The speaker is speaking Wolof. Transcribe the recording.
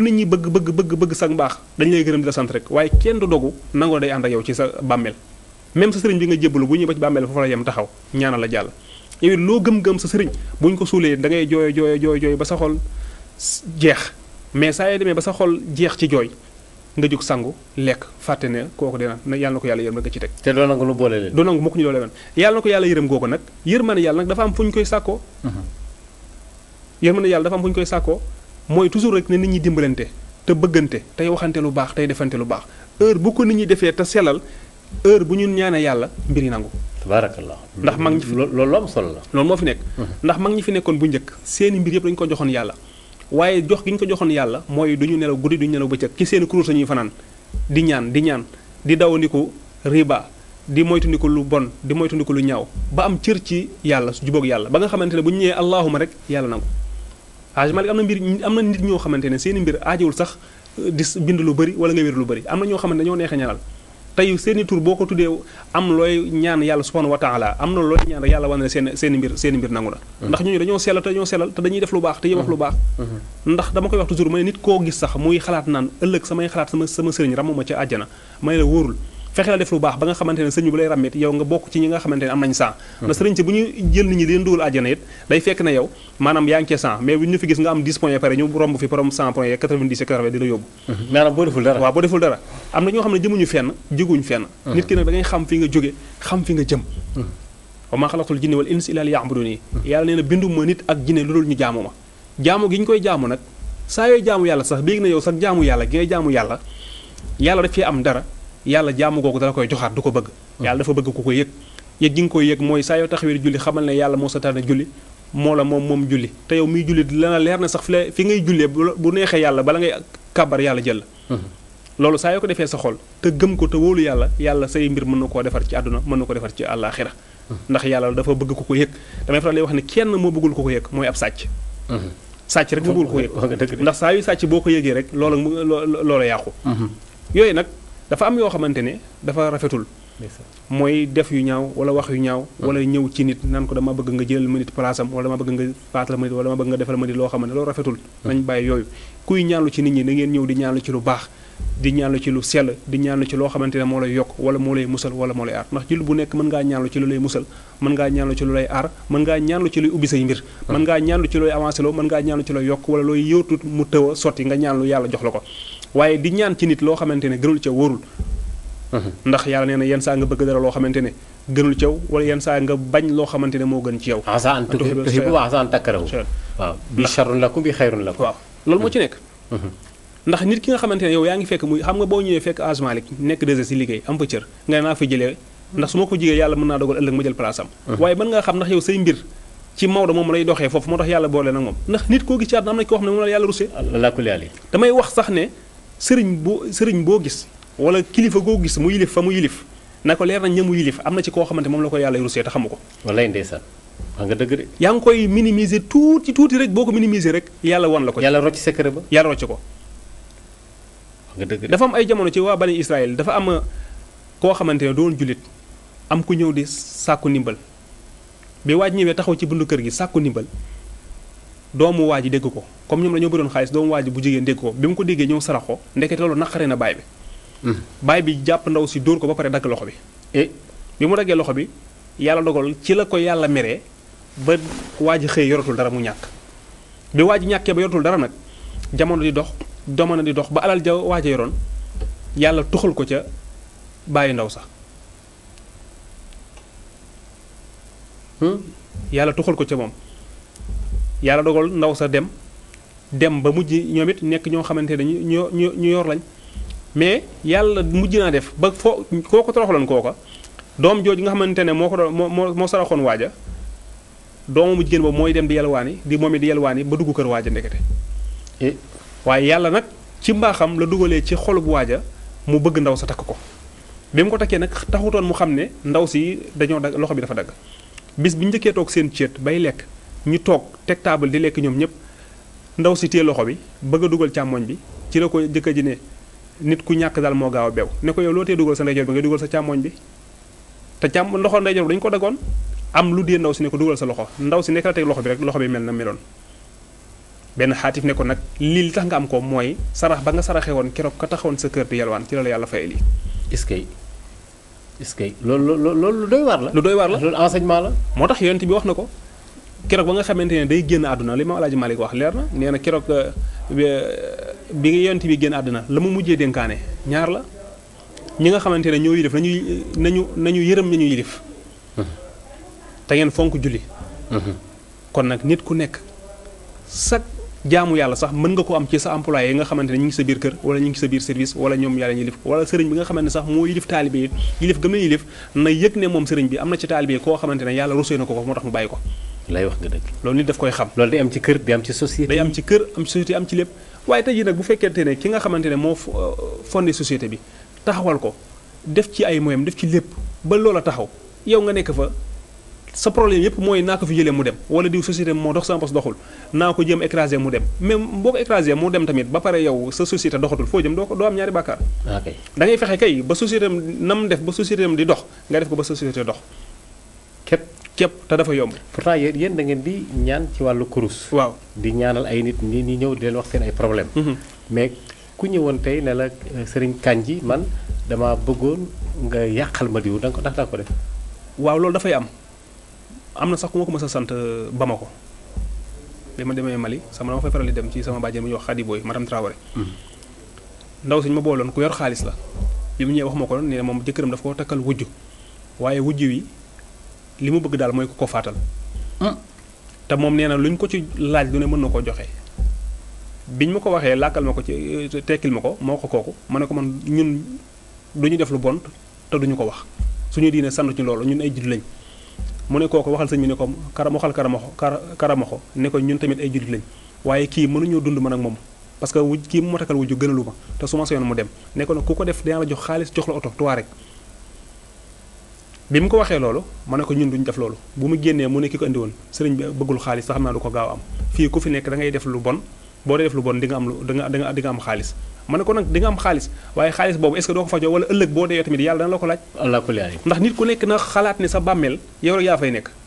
lu nit ñi bëgg bëgg bëgg bëgg sax mbaax dañ lay gërëm di la sant rek waaye kenn du dogu nangoo day ànd ak yow ci sa bàmmeel même sa sëriñ bi nga jébbalu bu ñu ba bàmmeel foofu la yem taxaw ñaana la jàll yow loo gëm-gëm sa sëriñ buñ ko suulee da ngay jooy jooy jooy jooy ba sa xol jeex mais saa yoo demee ba sa xol jeex ci jooy nga jóg sangu lekk fàtte ne kooku dina na yàlla na ko yàlla yërëm rek nga ci teg te doo nangu lu boole leen doo nangu mukk ñu doole leen yàlla na ko yàlla yërëm googu nag yërmande yàlla nag dafa am fu ñu koy sàkkoo mm-hmm. yërmande yàlla dafa am fu koy sàkkoo mooy toujours rek ne nit ñi dimbalante te bëggante tey waxante lu baax tey defante lu baax heure bu ko nit ñi defee te selal heure bu ñun ñaane yàlla mbir yi nangu. tabaarakallah ndax mag ñi fi loolu am solo la. loolu moo fi nekk. Mhm. ndax mag ñi fi nekkoon bu njëkk seeni mbir yëpp dañu ko joxoon yàlla waaye jox gi ñu ko joxoon yàlla mooy du ñu nelaw guddi du ñu nelaw bëccëg ci seeni kuréel sañuy fanaan di ñaan di ñaan di dawandiku riba di moytandiku lu bon di moytandiku lu ñaaw ba am cër ci yàlla su jubóog yàlla ba nga xamante ne bu ñu ñëwee allahuma rek yàlla nangu Hadj Malick am na mbir am na nit ñoo xamante ne seen mbir aajowul sax euh, di bind lu bari wala nga wér lu bari am na ñoo xamante ne ñoo neex a te tey seeni tur boo ko tuddee am looy ñaan yàlla subhanahu wa taala am na looy ñaan rek yàlla wane ne seen seen mbir seen mbir nangu na ndax ñu ñu dañoo sellal te ñoo sellal te dañuy def lu baax te wax lu baax ndax dama koy wax toujours ma nit koo gis sax muy xalaat naan ëllëg samay xalaat sama sama sëriñ ramuma ca àjjana may la wóorul fexe la def lu nga xamante ne sëñ bu lay ràmmit yow nga bokk ci ñi nga xamante ne am nañ sang na sëriñ si bu ñu jël nit ñi leen dugal àjjana it day fekk ne yow maanaam yaa ngi cee am 10 ñu romb fi borom 100 points 90 80 di la yóbbu am na ñoo xam xam nga jóge xam fi nga jëm wa maa wal insa illa liya'buduni yàlla nee na bindum ma nit ak jinne lu dul ñu jaamu ma jaamu gi ñu koy jaamu nag saa yooy jaamu yàlla sax biig na yow sax jaamu yàlla gi ngay jaamu yàlla yàlla daf fee am dara yàlla jaamu googu dala koy joxaat du ko bëgg hmm. yàlla dafa bëgg ko ko yëg yëg gi nga koy yëg mooy saa yoo taxawee julli xamal ne yàlla moo sataane julli moo la moom moom julli te yow miy julli lana leer na sax file fi ngay jullee bu neexee yàlla bala ngay kàbbar yàlla jël la hmm. loolu saa yoo ko defee sa xol te gëm ko te wóolu yàlla yàlla say mbir mën na koo defar ci àdduna mën na ko defar ci àllaaxira hmm. ndax yàlla dafa bëgg ku ko yëg damay faral di wax ne kenn moo bëggul ku ko yëg mooy ab sàcc sàcc rek moo bëggul ku ko yëg ndax saa yu sàcc boo ko yëgee rek loola loola yàqu yooyu nag dafa am yoo xamante ne dafa rafetul. mooy def yu ñaaw wala wax yu ñaaw. Ah. wala ñëw ci nit naan ko dama bëgg nga jël ma nit place am wala dama bëgg nga faatal ma nit wala dama bëgg nga defal ma nit loo xam ne loolu rafetul. Ah. nañ bàyyi yooyu kuy ñaalu ci nit ñi da ñëw di ñaalu ci lu baax. di ñaanlu ci lu sel di ñaanlu ci loo xamante ne moo lay yokk wala moo lay musal wala moo lay aar ndax jullit bu nekk mën ngaa ñaanlu ci lu lay musal mën ngaa ñaanlu ci lu lay mën ngaa ñaanlu ci luy ubbi say mbir mën ah. ngaa ñaanlu looy avancé loo mën ngaa ñaanlu ci looy yokk wala looy yëwtut mu tëw a sotti nga ñaanlu yàlla jox la ko waaye di ñaan ci nit loo xamante ne gënul ca wóorul mhm. ndax yàlla nee na yenn saa nga bëgg dara loo xamante ne gënul caw wala yenn saa nga bañ loo xamante ne moo gën ci yow. asa an tuhibbu wa asa an takrahu loolu moo nekk mhm. ndax nit ki nga xamante ne yow yaa ngi fekk muy xam nga boo ñëwee fekk Hadj Malick nekk dese si yàlla mën naa dogal ëllëg ma jël place am mhm. waaye mën ngaa xam ndax yow say mbir tax yàlla boole nag moom ndax nit koo gis ci àdduna am na koo xam ne moom la yàlla rusee damay wax sax ne sëriñ boo sëriñ boo gis wala kilifa goo gis mu yilif fa mu yilif na ko leer na ñamu yilif am na ci koo xamante moom la ko yàlla rusee te xamu ko. walaay ndeysaan wax nga dëgg de. yaa ngi koy minimiser tuuti tuuti rek boo ko minimiser rek yàlla wan la ko. yàlla rocc secret ba yàlla rocc ko. nga dëgg dafa am ay jamono ci waa bani Israël dafa am koo xamante ne doon jullit am ku ñëw di sàkku ndimbal bi waaj ñëwee taxaw ci bundu kër gi sàkku ndimbal doomu waaj ji dégg ko comme ñoom dañoo bëri woon xaalis doomu waa ji bu jigéen dégg ko bi mu ko déggee ñëw sarax ko ndekete loolu naqare na baay bi hmm. baay bi jàpp ndaw si dóor ko ba pare dagg loxo bi eh. bi mu daggee loxo bi yàlla dogal ci la ko yàlla meree ba waa ji xëy yoratul dara mu ñàkk bi waa ji ñàkkee dara nag jamono di dox domana di dox ba alal ja waa ja yoroon yàlla tuxal ko ca bàyyi ndaw sax hmm. yàlla tuxal ko ca moom yàlla dogal ndaw sa dem dem ba mujj ñoom it nekk ñoo xamante ne ñu ñu ñu yor lañ mais yàlla mujj naa def ba foo kooku toroxaloon kooka doom jooju nga xamante ne moo ko doon moo moo saraxoon waaja doomu mu jigéen boobu mooy dem di yalwaani di moom it di yalwaani ba dugg kër waaja ndekete eh. waaye yàlla nag ci mbaaxam la dugalee ci xolub waaja mu bëgg ndaw sa takk ko bi mu ko takkee nag taxutoon mu xam ne ndaw si dañoo dagg loxo bi dafa dagg bis bu njëkkee toog seen céet bay lekk ñu toog teg taabal di lekk ñoom ñëpp ndaw si téye loxo bi bëgg dugal càmmoñ bi ci la ko jëkkër ji ne nit ku ñàkk daal moo gaaw a beew ne ko yow loo tee dugal sa ndeyjoor bi nga dugal sa càmmoñ bi te càmm loxo ndeyjoor ko dagoon am lu dee ndaw si ne ko dugal sa loxo ndaw si nekk la teg loxo bi rek loxo bi mel na meloon benn xaatif ne ko nag lii li tax nga am ko mooy sarax ba nga saraxee woon keroog ka taxawoon sa kër di yalwaan ci la la yàlla fayee lii. est-ce loolu loolu loolu lu doy waar la. lu doy la moo tax yonent bi wax na ko keroog ba nga xamante ne day génn àdduna li ma El Hadj Malick wax leer na nee na keroog euh, euh, bi nga bi génn àdduna la mu mujjee denkaane ñaar la ñi nga xamante ne ñoo yilif nañu nañu nañu yërëm nañu yilif te ngeen fonk julli kon nag nit ku nekk sa jaamu yàlla sax mën nga ñu ngi sa biir kër wala ñu ngi sa biir service wala ñoom yàlla yilif wala sëriñ bi nga xamante ne sax moo yilif taalibe yi yilif gëm na yilif na yëg ne moom sëriñ bi am na ci taalibe koo xamante ne yàlla rusee na ko ko moo tax mu bàyyi ko lay wax nga dëgg. loolu nit daf koy xam. loolu day am ci kër day am ci société. day am ci kër am ci société am ci lépp waaye tey jii nag bu fekkente ne ki nga xamante ne moo euh, fonde société bi taxawal ko def ci ay moyam def ci lépp ba loola taxaw yow nga nekk fa sa problème yëpp mooy naa ko fi jëlee mu dem wala diw société moo dox sama bos doxul naa ko jëm écrasé mu dem même boo ko écrasé mu dem tamit ba pare yow sa société doxatul foo jëm doo ko am ñaari bàkkaar. Ah, da ngay fexe kay ba société am nam def ba société am di dox nga def ko ba société dox. képp te dafa yomb. pourtant yéen yéen da ngeen di ñaan ci wàllu kurus. waaw di ñaanal ay nit ñi ñi ñëw di leen wax seen ay problème mm-hmm. mais ku ñëwoon tey ne la euh, sëriñ Kandji man dama bëggoon nga yàqal ma diw ko ndax da ko def. waaw loolu am am na sax ku ma ko mës a sant euh, Bamako bi ma demee Mali sama dama fay faral ci sama bàjjen bu ñuy wax Khady Boy madame Traoré. Mm-hmm. ndaw ma booloon ku yor xaalis la bi mu ñëwee wax ma ko ne moom jëkkëram daf ko takkal wujj waaye wujj wi. li mu bëgg daal mooy ku ko faatal hmm. te moom nee na luñ ko ci laaj lu ne mën na koo joxe biñ ma ko waxee làkkal ma ko ci euh, tekkil ma ko moo ko kooku ma ne ko man ñun duñu def lu bon te duñu ko wax suñu diine sant ci loolu ñun ay jullit lañ mu ne kooku waxal sëñ bi ne ko karam waxal karamaxo karamaxo ne ko ñun tamit ay jullit lañ waaye kii mënuñoo dund man ak moom parce que wuj kii mu ma takkal gënalu ma te su ma soyoon mu dem ne ko nag ku ko def dinaa la jox xaalis jox la oto tuwaa rek bi mu ko waxee loolu ma ne ko ñun duñ def loolu bu mu génnee mu ne ki ko indi woon sëriñ bi bëggul xaalis te xam naa du ko gaaw am fii ku fi nekk dangay def lu bon boo dee def lu bon di nga am lu di nga di am xaalis ma ne ko nag di nga am xaalis waaye xaalis boobu est-ce que doo ko fajoo wala ëllëg boo dee tamit yàlla dana la ko laaj. ndax nit ku nekk na xalaat ne sa bàmmeel yow yaa fay nekk